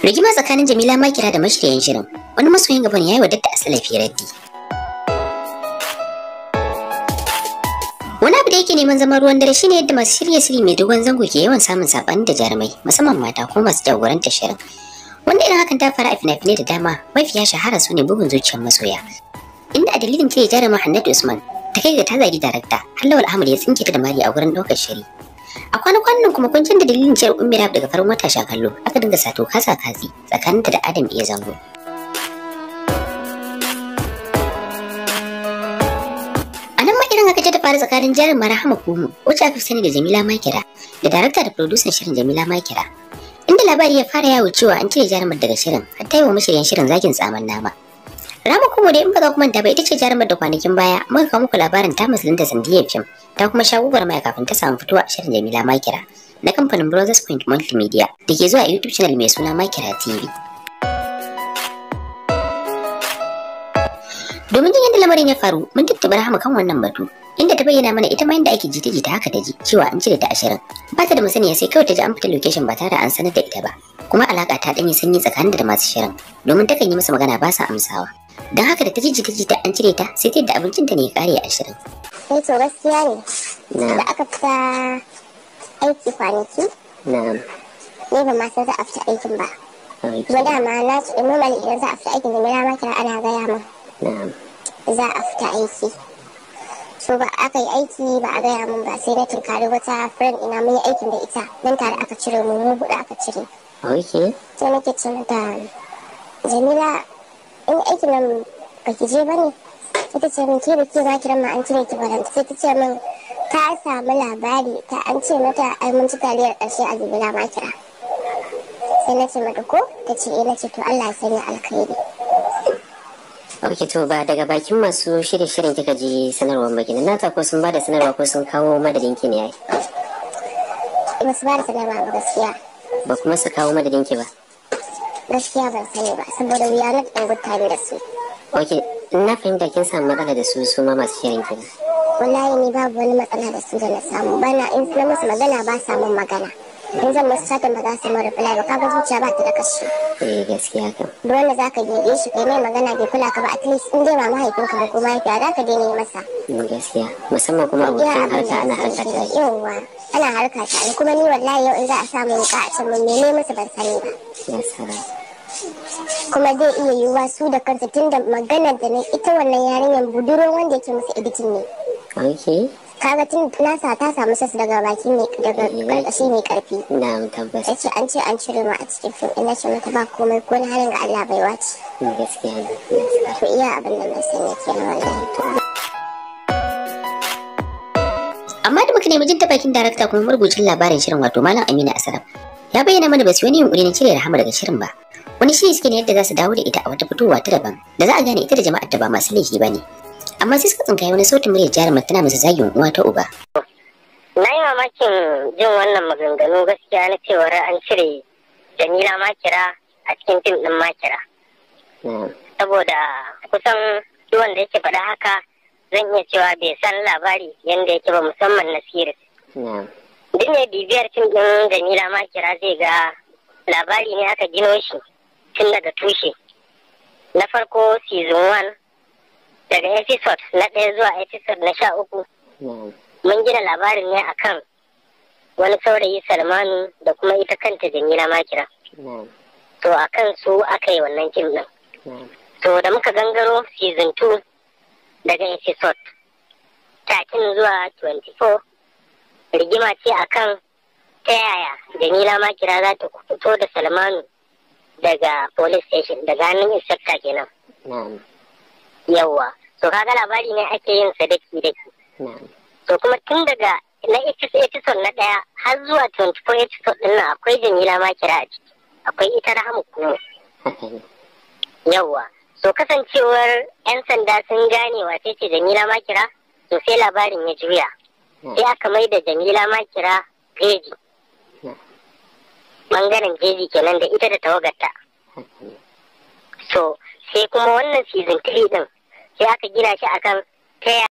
rigima tsakanin jamila makira da mashiryan shirin wani masoyin gaban ya yi wa asali asalafi raddi wani abu da yake neman zama ruwan dare shine yadda masu shirya shiri mai dogon zango ke yawan samun saɓani da jarumai musamman mata kuma masu jagorantar shirin wanda irin hakan ta faru a fina-finai da dama mafiya shahara su ne bugun zuciyar masoya inda a dalilin cire jarumar hannatu usman ta kai ga ta zagi darakta har lawal ahmad ya tsinke ta da mari a wurin ɗaukar shiri A kwanakwan nan kuma kun canza dalilin ciyar Ummi daga farin wata sha kallo aka dinga sato kasa kazi tsakaninta da Adam iya zango. A nan aka ce ta irin fara tsakanin jarin Marahama Kumu, wacce aka fi sani da Jamila Makira, da darakta da producer shirin Jamila Makira. Inda labari ya fara yawo cewa an cire jarumar daga shirin, har ta yi wa mashiryan shirin zakin tsaman nama. Rama kuma da in baza za ku manta ita ce jarumar da kwanakin baya muka kawo muku labarin ta musulunta sandiyar fim ta kuma sha mai kafin ta samu fitowa shirin Jamila Makira na kamfanin Brothers Point Multimedia da ke zuwa YouTube channel mai suna Makira TV. Domin jin yadda lamarin ya faru, mun tattaba Rahama kan wannan batu, inda ta bayyana mana ita ma yadda ake jita jita haka ta ji cewa an cire ta ashirin. Ba ta da musaniya sai kawai ta ji an fita location ba tare an sanar da ita ba, kuma alaka ta danyi sanyi tsakanin da masu shirin, domin takan yi masa magana ba sa amsawa. don haka da ta ji ta an cire ta sai ta da abincin ta ne ya kare shirin. eh to gaskiya ne da aka fita aiki kwanaki. Na'am. Ne ba ma sai za a fita aikin ba. Kuma ma na ce eh, normal idan za a fita aikin ne ma kira ana gaya min. Na'am. Za a fita aiki. so ba aka yi aiki ba a gaya mun ba sai na tunkari wata friend ina mun yi aikin da ita don tare aka cire mu mu hudu aka cire. okay Sai nake cewa da Jamila in aikin nan ba ki je ba ne ita ce min ke da ke ma kiran ma an cire ki baranta sai ta ce min ta samu labari ta an ce mata ai mun ci taliyar ƙarshe a zubila ma kira sai na ce mata ko ta ce ina eh, ce to Allah ya sanya alkhairi ok to ba daga bakin masu shirye shirin kika ji sanarwar ba gina nata ko sun ba da sanarwa ko sun kawo madadin ki ne ai ba su ba da sanarwa ba gaskiya ba kuma su kawo madadin ki ba gaskiya ban sani ba saboda wuya na not gutta ne da su ok na fahimta kin samu matsala da su su ma masu shirin kina wallahi ni babu wani matsala da su da na samu bana in na musu magana ba samun magana in zan musu chatin ba za su mun reply ba kaga zuciya ba ta da kashi eh gaskiya kam duk za ka gege shi kai mai magana bai kula ka ba at least in dai ba mahaifinka ba ko mahaifiya za ka daina masa mm, gaskiya musamman kuma abokin harka ana harka ta yawa ana harka ta kuma ni wallahi yau in za a samu wuka a can mun mene musu ban sani ba kuma zai iya yiwuwa su da kansa tun da maganar da na ita wannan yarinyar budurwar wanda yake musu editin ne kaga tun nasa ta samu sas daga baki ne daga eh. karkashi mai karfi ya ce an ce an cire ma a cikin fim ina ce mata ba komai ko na halin ga Allah bai wace mm, gaskiya iya abin da na sani kenan wallahi amma da muka nemi jin bakin darakta kuma marubucin labarin shirin wato malam Aminu asarar ya bayyana mana ba su wani yunkuri na cire Rahama daga shirin ba wani shiri suke ne yadda za su dawo da ita a wata fitowa ta daban da za a gane ita da jama'ar ta ba masu laifi ba ne amma sai suka tsinkaye wani sautin muryar jarumar tana masa zagin uwa ta uba. na yi mamakin jin wannan maganganu gaskiya na cewar an cire jamila makira a cikin fim ɗin makira hmm. saboda kusan duk wanda yake faɗa haka zan iya cewa bai san labari yadda yake ba musamman na hmm. duk ne bibiyar fim ɗin jamila makira zai ga labari ne aka gino shi tun daga tushe na farko season 1 daga episode na ɗaya zuwa episode na sha uku mun gina labarin ne a kan wani saurayi salmanu da kuma ita kanta jamila makira to a kan su aka yi wannan fim ɗin to da muka gangaro season 2 daga episode 13 zuwa 24 rigima ce a kan ta yaya jamila makira za ta fito da salmanu daga police station daga hannun inspector kenan yawwa to kaga labari ne ake yin sa daki daki to kuma tun daga na episode na daya har zuwa 24 episode din nan akwai jamila ma kira a ciki akwai ita rahama kuma yawwa so kasancewar yan sanda sun gane sai ce jamila ma kira to sai labarin ya juya sai aka mai da jamila ma kira gredi bangaren jeji kenan da ita da tawagarta so sai kuma wannan season 3 din sai aka gina shi akan ta